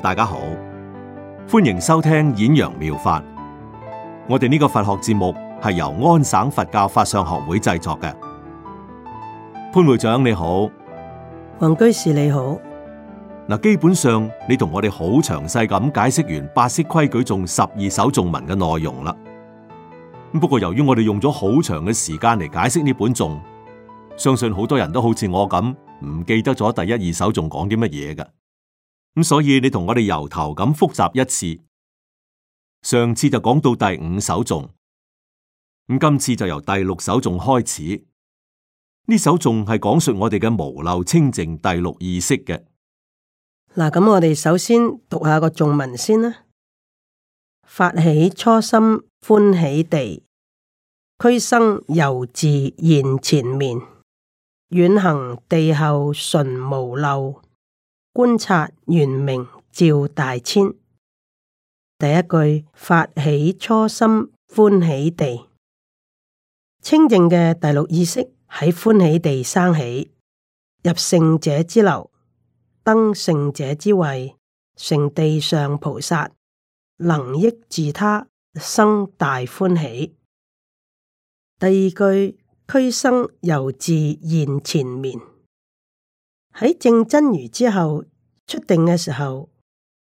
大家好，歡迎收聽演揚妙法。我哋呢個佛學節目係由安省佛教法相學會製作嘅。潘會長你好，雲居士你好。嗱，基本上你同我哋好詳細咁解釋完八識規矩頌十二首頌文嘅內容啦。不過由於我哋用咗好長嘅時間嚟解釋呢本頌，相信好多人都好似我咁唔記得咗第一、二首頌講啲乜嘢噶。咁、嗯、所以你同我哋由頭咁複習一次，上次就講到第五首頌，咁今次就由第六首頌開始。呢首頌係講述我哋嘅無漏清淨第六意識嘅。嗱，咁我哋首先讀下個頌文先啦。發起初心歡喜地，俱生猶自現纏眠，遠行地後純無漏。觀察圓明照大千，第一句發起初心歡喜地，清淨嘅第六意識喺歡喜地生起，入聖者之流，登聖者之位，成地上菩薩，能益自他，生大歡喜。第二句俱生猶自現纏眠。喺正真如之後出定嘅時候，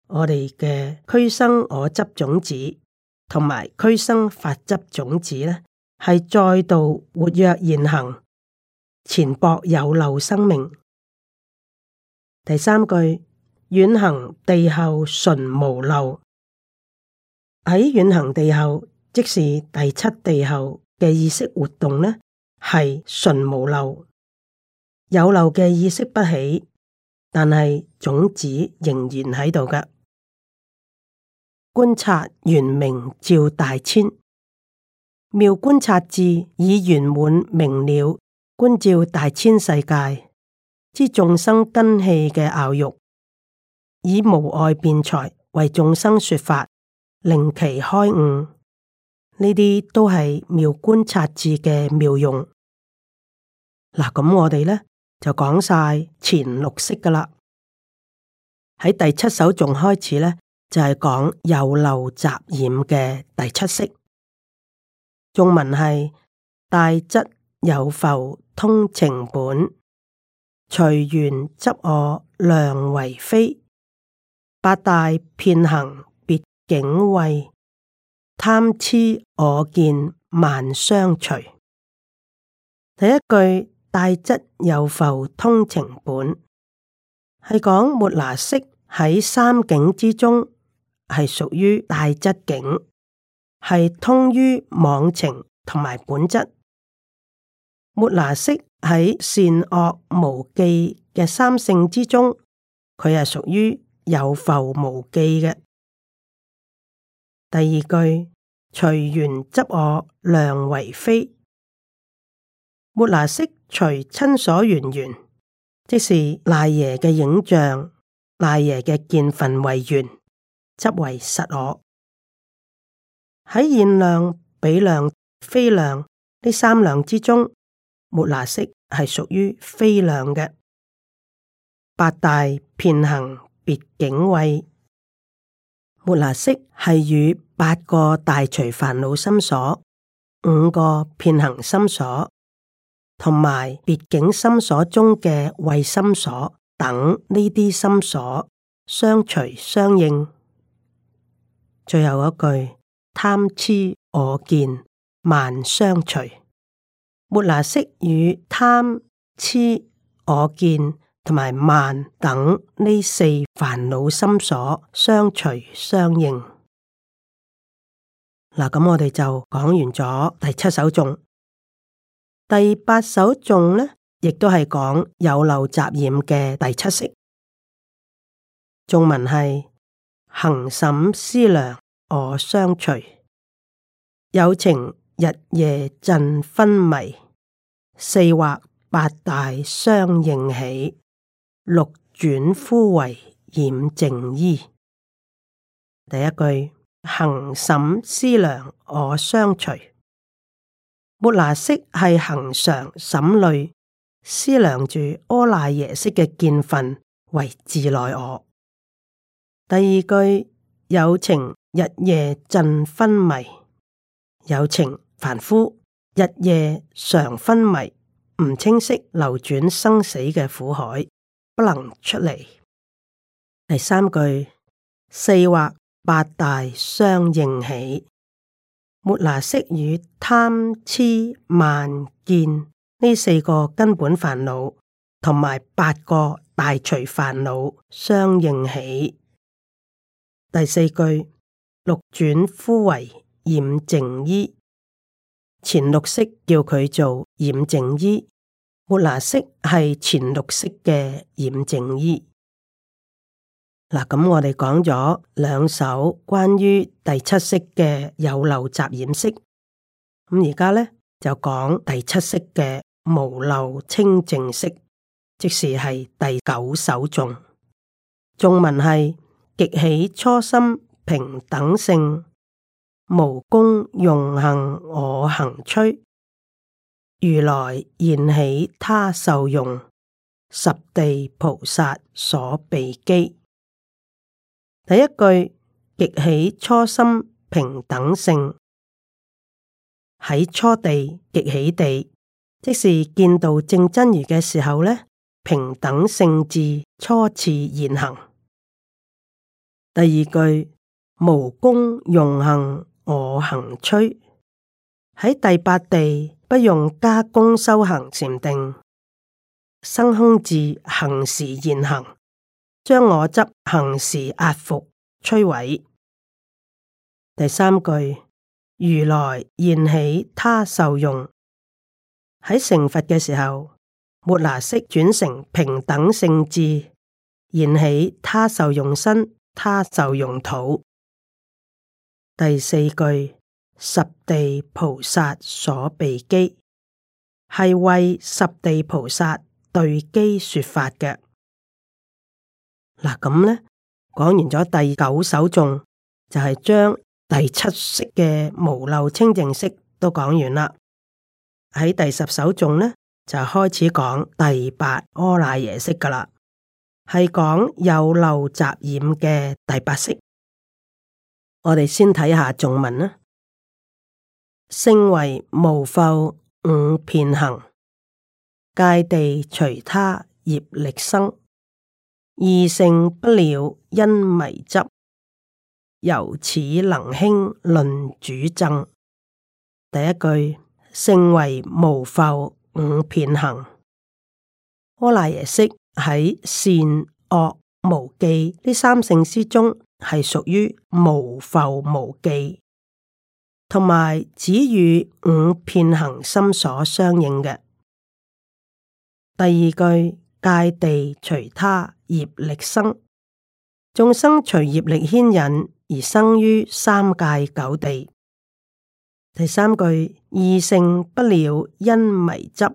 我哋嘅俱生我執種子同埋俱生法執種子呢，係再度活躍現行，前搏有漏生命。第三句遠行地後純無漏，喺遠行地後，即是第七地後嘅意識活動呢，係純無漏。有漏嘅意識不起，但係種子仍然喺度噶。觀察圓明照大千，妙觀察智以圓滿明了觀照大千世界之眾生根器嘅傲欲，以無礙辯才為眾生說法，令其開悟。呢啲都係妙觀察智嘅妙用。嗱，咁我哋咧。就講晒前六識噶啦，喺第七首仲開始咧，就係、是、講有漏雜染嘅第七識。中文係帶質有覆通情本，隨緣執我量為非，八大遍行別境慧，貪痴我見慢相隨。第一句。大質有浮通情本，係講末那識喺三境之中，係屬於大質境，係通於妄情同埋本質。末那識喺善惡無記嘅三性之中，佢係屬於有浮無記嘅。第二句隨緣執我量為非，末那識。除親所緣緣，即是賴耶嘅影像，賴耶嘅見分為緣，則為實我。喺現量、比量、非量呢三量之中，末那識係屬於非量嘅。八大遍行別境慧，末那識係與八個大隨煩惱心所、五個遍行心所，同埋別境心所中嘅慧心所等呢啲心所相隨相應。最後一句貪痴我見慢相隨，末那識與貪痴我見同埋慢等呢四煩惱心所相隨相應。嗱，咁我哋就講完咗第七首頌。第八首頌呢，亦都係講有漏雜染嘅第七識。頌文係恆審思量我相隨，有情日夜鎮昏迷。四惑八大相應起，六轉呼為染淨依。第一句恆審思量我相隨。末那識係恒常審慮思量住阿賴耶識嘅見分為自內我。第二句有情日夜鎮昏迷，有情凡夫日夜常昏迷，唔清晰流轉生死嘅苦海不能出嚟。第三句四惑八大相應起。末那識與貪痴慢見呢四個根本煩惱，同埋八個大隨煩惱相應起。第四句六轉呼為染淨依，前六識叫佢做染淨依，末那識係前六識嘅染淨依。嗱，咁我哋講咗兩首關於第七識嘅有漏雜染識。咁而家咧就講第七識嘅無漏清淨識，即是係第九首頌。頌文係：極喜初心平等性，無功用行我恆摧，如來現起他受用，十地菩薩所被機。第一句極喜初心平等性，喺初地極喜地，即是見到正真如嘅時候咧，平等性智初次現行。第二句無功用行我恆摧，喺第八地不用加功修行禪定，生空智行時現行。將我執、行時壓伏、摧毀。第三句，如來現起他受用，喺成佛嘅時候，末那識轉成平等性智，現起他受用身，他受用土。第四句，十地菩薩所被機，係為十地菩薩對機說法嘅。嗱，咁呢講完咗第九首，頌，就係、是、將第七識嘅無漏清淨識都講完啦。喺第十首，頌呢，就開始講第八阿賴耶識噶啦，係講有漏雜染嘅第八識。我哋先睇下頌文啦，性唯無覆五遍行，界地隨他業力生。二乘不了因迷執，由此能興論主諍。第一句性為無覆五遍行，阿賴耶識喺善惡無記呢三性之中，係屬於無覆無記，同埋只與五遍行心所相應嘅。第二句界地隨他。業力生，眾生，隨業力牽引而生於三界九地。第三句，二乘不了因迷執，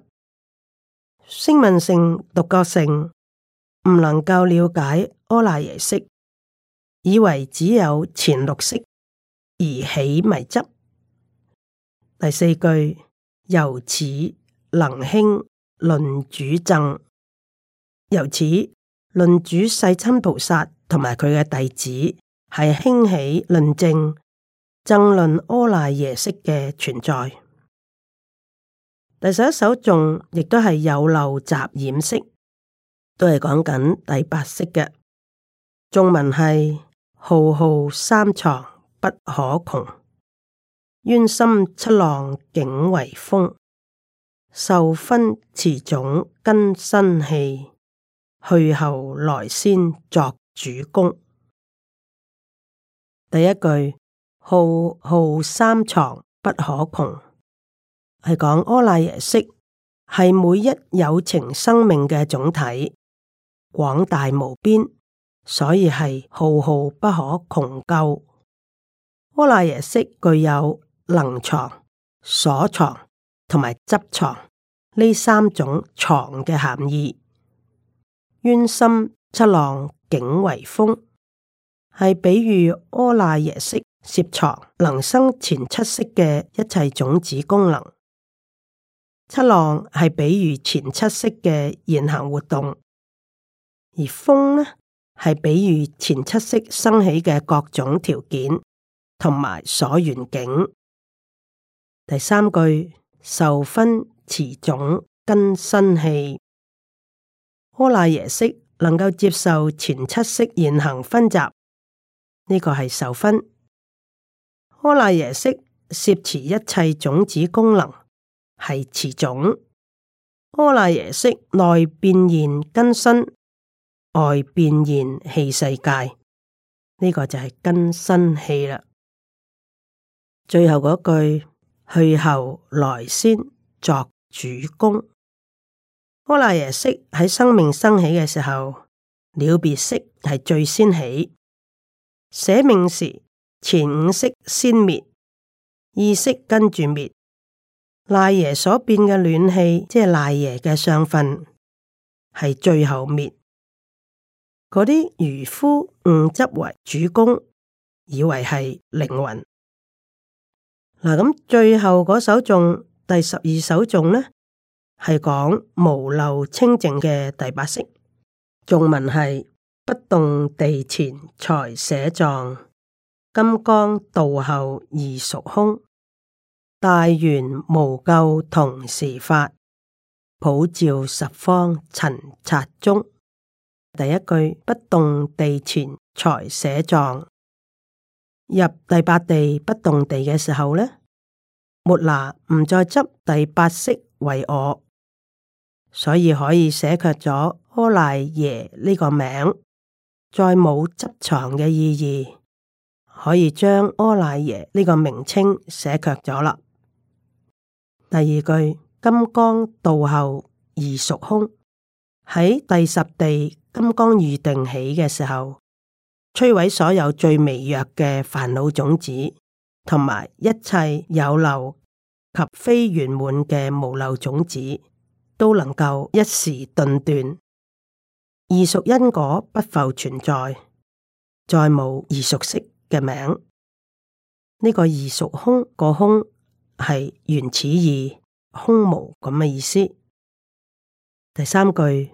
聲聞性、獨覺性唔能夠了解阿賴耶識，以為只有前六識而起迷執。第四句，由此能興論主諍，由此。論主世親菩薩，同埋佢嘅弟子係興起論諍，爭論阿賴耶識嘅存在。第十一首頌亦都係有漏雜染色，都係講緊第八識嘅。頌文係浩浩三藏不可窮，淵深七浪境為風，受熏持種根身器。去後來先作主公，第一句浩浩三藏不可窮，係講阿賴耶識係每一有情生命嘅總體，廣大無邊，所以係浩浩不可窮究。阿賴耶識具有能藏、所藏同埋執藏呢三種藏嘅含義。淵深七浪境為風，係比喻阿賴耶識攝藏能生前七識嘅一切種子功能。七浪係比喻前七識嘅現行活動，而風呢係比喻前七識生起嘅各種條件同埋所緣境。第三句受熏持種根身器。阿賴耶識能夠接受前七識現行熏習，呢、這個係受熏。阿賴耶識攝持一切種子功能，係持種。阿賴耶識內變現根身，外變現器世界，呢、這個就係根身器啦。最後嗰句，去後來先作主公。我賴耶識喺生命生起嘅時候，了別識係最先起。捨命時，前五識先滅，意識跟住滅。賴耶所變嘅暖氣，即係賴耶嘅上分，係最後滅。嗰啲愚夫誤執為主公，以為係靈魂。嗱，咁最後嗰首頌，第十二首頌咧。係講無漏清淨嘅第八識。頌文係不動地前才捨藏，金剛道後異熟空，大圓無垢同時發，普照十方塵刹中。第一句不動地前才捨藏，入第八地不動地嘅時候呢，末那唔再執第八識為我。所以可以捨卻咗阿賴耶呢個名，再冇執藏嘅意義，可以將阿賴耶呢個名稱捨卻咗啦。第二句，金剛道後異熟空，喺第十地金剛喻定起嘅時候，摧毀所有最微弱嘅煩惱種子，同埋一切有漏及非圓滿嘅無漏種子。都能夠一時頓斷，異熟因果不復存在，再無異熟識嘅名。呢、這個異熟空個空係原始義空無咁嘅意思。第三句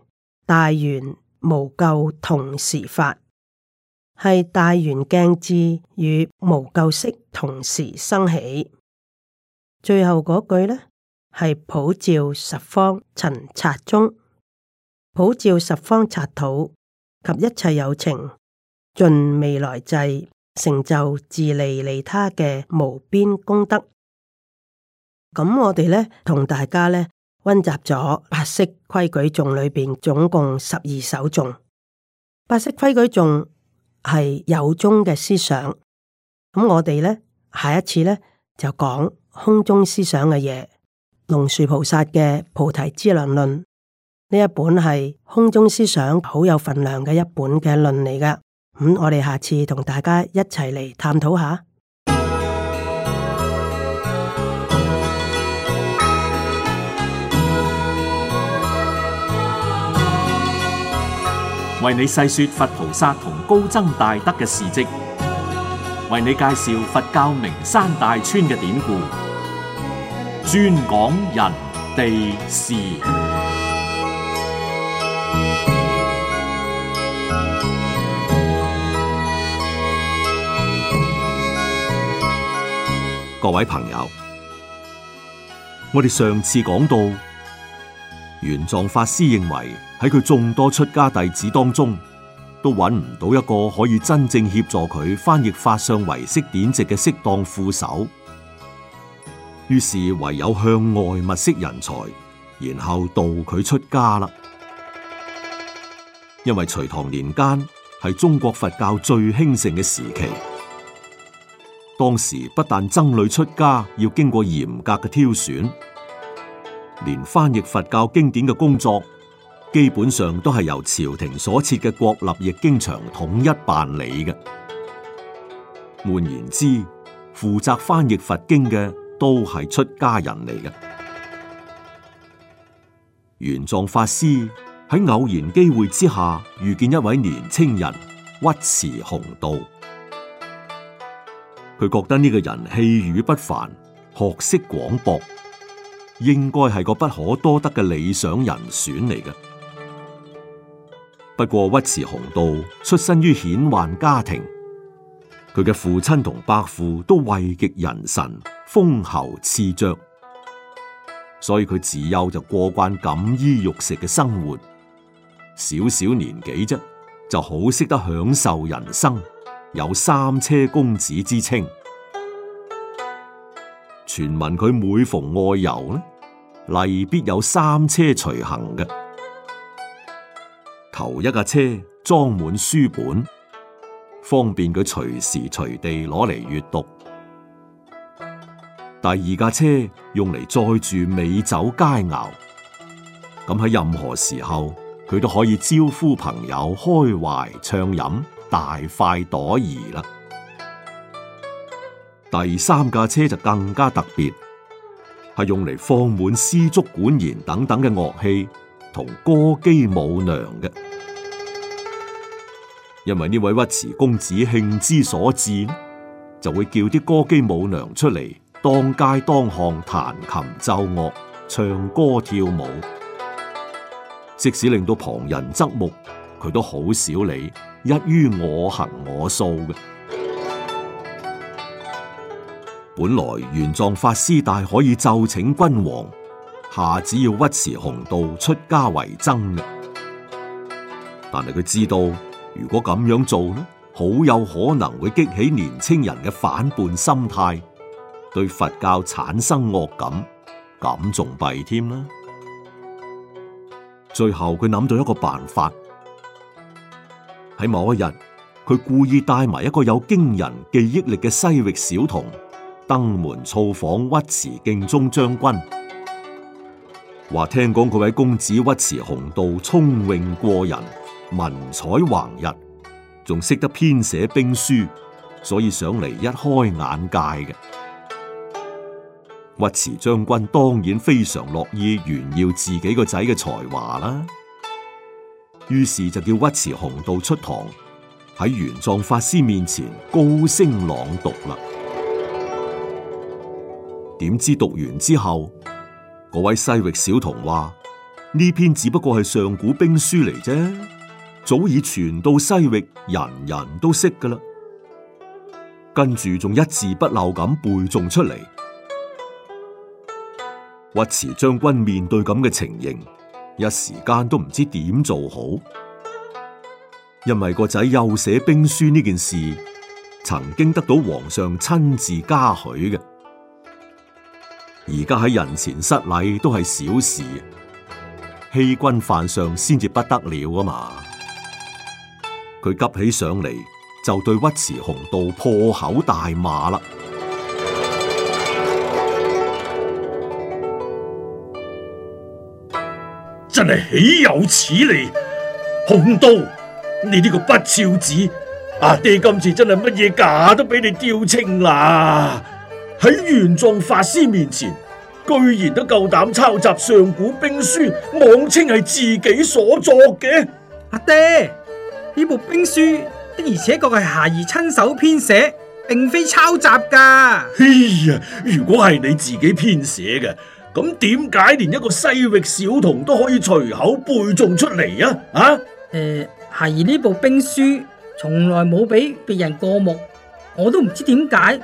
大圓無垢同時發，係大圓鏡智與無垢識同時生起。最後嗰句呢。係普照十方塵刹中，普照十方刹土及一切有情，盡未來際，成就自利利他嘅無邊功德。咁我哋咧同大家咧温習咗八識規矩頌裏邊總共十二首頌，八識規矩頌係有宗嘅思想。咁我哋咧下一次咧就講空宗思想嘅嘢。龍樹菩薩嘅《菩提資糧論》，呢一本係空中思想好有分量嘅一本嘅論嚟噶咁、嗯、我哋下次同大家一齊嚟探討下。為你細說佛菩薩同高僧大德嘅事跡，為你介紹佛教名山大川嘅典故。專講人地事，各位朋友，我哋上次講到，玄奘法師認為喺佢眾多出家弟子當中，都揾唔到一個可以真正協助佢翻譯法相唯識典籍嘅適當副手。於是唯有向外物色人才，然後度佢出家啦。因為隋唐年間係中國佛教最興盛嘅時期，當時不但僧侶出家要經過嚴格嘅挑選，連翻譯佛教經典嘅工作，基本上都係由朝廷所設嘅國立譯經場統一辦理嘅。換言之，負責翻譯佛經嘅。都係出家人嚟嘅。玄奘法師喺偶然機會之下遇見一位年青人，尉遲洪道，佢覺得呢個人氣宇不凡，學識廣博，應該係個不可多得嘅理想人選嚟嘅。不過，尉遲洪道出身於顯宦家庭。佢嘅父親同伯父都位極人臣，封侯賜爵，所以佢自幼就過慣錦衣玉食嘅生活。小小年紀啫，就好識得享受人生，有三車公子之稱。傳聞佢每逢外遊呢，例必有三車隨行嘅，頭一架車裝滿書本。方便佢隨時隨地攞嚟閱讀。第二架車用嚟載住美酒佳肴，咁喺任何時候佢都可以招呼朋友開懷暢飲，大快朵頤啦。第三架車就更加特別，係用嚟放滿絲竹管弦等等嘅樂器同歌姬舞娘嘅。因為呢位屈遲公子興之所至，就會叫啲歌姬舞娘出嚟當街當巷彈琴奏樂、唱歌跳舞，即使令到旁人側目，佢都好少理，一於我行我素嘅。本來玄奘法師大可以奏請君王，下旨要屈遲洪道出家為僧，但係佢知道。如果咁樣做呢，好有可能會激起年青人嘅反叛心態，對佛教產生惡感，咁仲弊添啦。最後佢諗到一個辦法，喺某一日，佢故意帶埋一個有驚人記憶力嘅西域小童，登門造訪尉遲敬宗將軍，話聽講佢位公子尉遲洪道聰穎過人。文采橫溢，仲識得編寫兵書，所以上嚟一開眼界嘅尉遲將軍當然非常樂意炫耀自己個仔嘅才華啦。於是就叫尉遲洪道出堂喺玄奘法師面前高聲朗讀啦。點知讀完之後，嗰位西域小童話：呢篇只不過係上古兵書嚟啫。早已傳到西域，人人都識噶啦。跟住仲一字不漏咁背誦出嚟。尉遲將軍面對咁嘅情形，一時間都唔知點做好。因為個仔又寫兵書呢件事，曾經得到皇上親自嘉許嘅。而家喺人前失禮都係小事，欺君犯上先至不得了啊嘛！佢急起上嚟，就對尉遲洪道破口大罵啦！真係豈有此理！洪道，你呢個不肖子，阿爹今次真係乜嘢假都俾你丟清啦！喺玄奘法師面前，居然都夠膽抄襲上古兵書，妄稱係自己所作嘅，阿爹。呢部兵書的而且確係孩兒親手編寫，並非抄襲噶。哎呀，如果係你自己編寫嘅，咁點解連一個西域小童都可以隨口背誦出嚟啊？啊？誒、呃，孩兒呢部兵書從來冇俾別人過目，我都唔知點解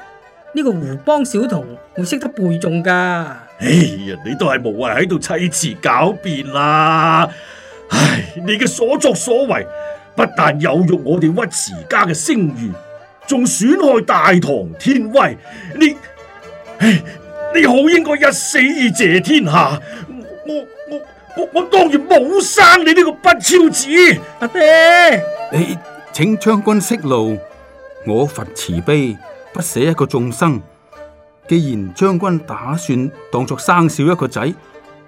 呢個胡幫小童會識得背誦噶。哎呀，你都係無謂喺度砌詞狡辯啦！唉，你嘅所作所為。不但有辱我哋尉遲家嘅聲譽，仲損害大唐天威。你你好應該一死以謝天下。我我我我當然冇生你呢個不肖子。阿爹，你請將軍息怒，我佛慈悲，不捨一個眾生。既然將軍打算當作生少一個仔，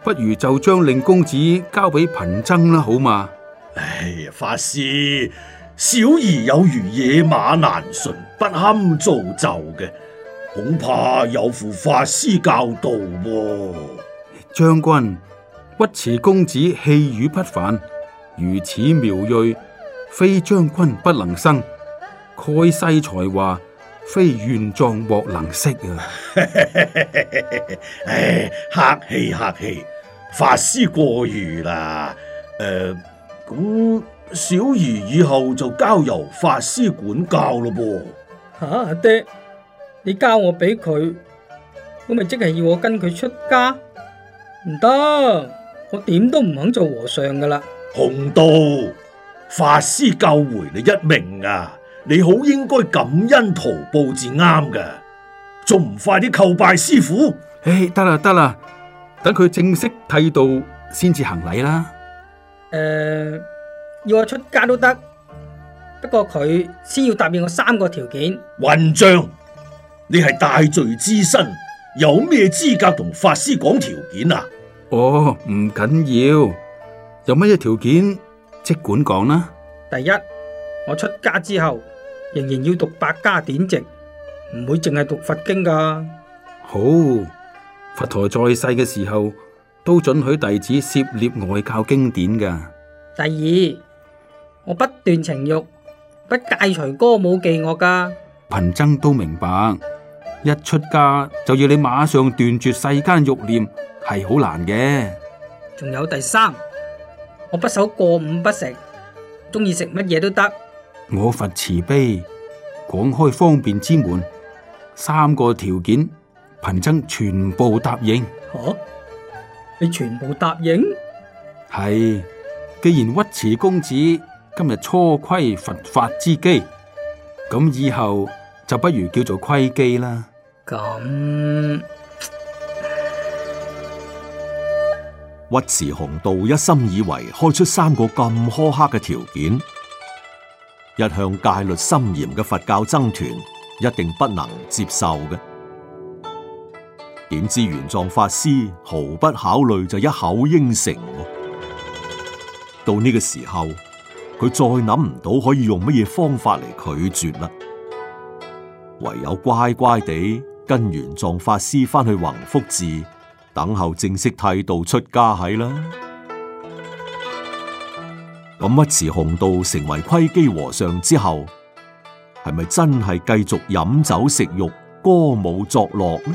不如就將令公子交俾貧僧啦，好嗎？唉、哎，法師，小兒有如野馬難馴，不堪造就嘅，恐怕有負法師教導啊。將軍，尉遲公子氣宇不凡，如此妙銳，非將軍不能生；蓋世才華，非元壯莫能識啊！唉、 哎，客氣客氣，法師過譽啦，誒、呃。咁小兒以後就交由法師管教咯噃。吓，阿爹，你交我俾佢，我咪即係要我跟佢出家？唔得，我點都唔肯做和尚噶啦！紅道，法師救回你一命啊！你好應該感恩圖報至啱噶，仲唔快啲叩拜師傅？唉，得啦得啦，等佢正式剃度先至行禮啦。誒、呃，要我出家都得，不過佢先要答應我三個條件。混賬！你係大罪之身，有咩資格同法師講條件啊？哦，唔緊要，有乜嘢條件即管講啦。第一，我出家之後仍然要讀百家典籍，唔會淨係讀佛經噶。好，佛陀在世嘅時候，都准許弟子涉獵外教經典噶。第二，我不斷情欲，不戒除歌舞伎樂噶。貧僧都明白，一出家就要你馬上斷絕世間欲念，係好難嘅。仲有第三，我不守過午不食，中意食乜嘢都得。我佛慈悲，講開方便之門，三個條件，貧僧全部答應。哦。你全部答應係，既然尉遲公子今日初窺佛法之機，咁以後就不如叫做窺基啦。咁尉遲弘道一心以為開出三個咁苛刻嘅條件，一向戒律森嚴嘅佛教僧團一定不能接受嘅。點知玄奘法師毫不考慮就一口應承，到呢個時候佢再諗唔到可以用乜嘢方法嚟拒絕啦，唯有乖乖地跟玄奘法師翻去弘福寺等候正式剃度出家係啦。咁尉遲洪道成為窺基和尚之後，係咪真係繼續飲酒食肉、歌舞作樂呢？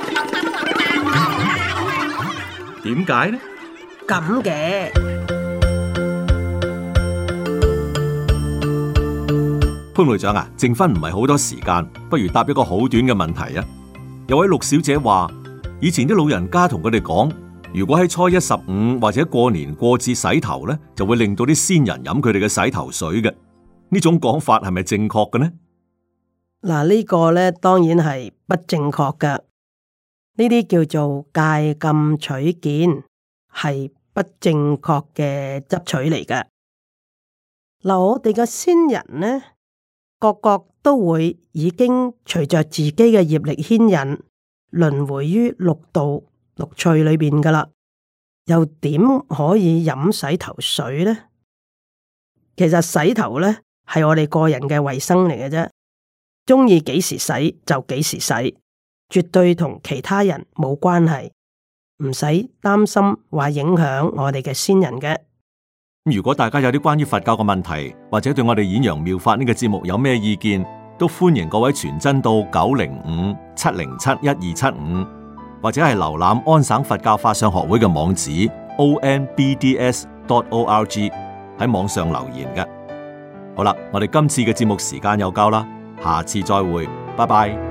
點解呢？咁嘅，潘會長啊，剩返唔係好多時間，不如答一個好短嘅問題啊！有位陸小姐話，以前啲老人家同佢哋講，如果喺初一十五或者過年過節洗頭咧，就會令到啲先人飲佢哋嘅洗頭水嘅，呢種講法係咪正確嘅呢？嗱，呢個咧當然係不正確嘅。呢啲叫做戒禁取見，係不正確嘅執取嚟嘅。嗱，我哋嘅先人呢，個個都會已經隨着自己嘅業力牽引，輪迴於六道六趣裏邊噶啦。又點可以飲洗頭水咧？其實洗頭咧係我哋個人嘅衛生嚟嘅啫，中意幾時洗就幾時洗。絕對同其他人冇關係，唔使擔心話影響我哋嘅先人嘅。如果大家有啲關於佛教嘅問題，或者對我哋《演陽妙法》呢個節目有咩意見，都歡迎各位傳真到九零五七零七一二七五，75, 或者係瀏覽安省佛教法相學會嘅網址 o n b d s dot o r g 喺網上留言嘅。好啦，我哋今次嘅節目時間又夠啦，下次再會，拜拜。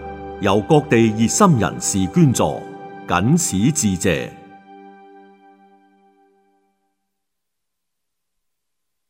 由各地熱心人士捐助，謹此致謝。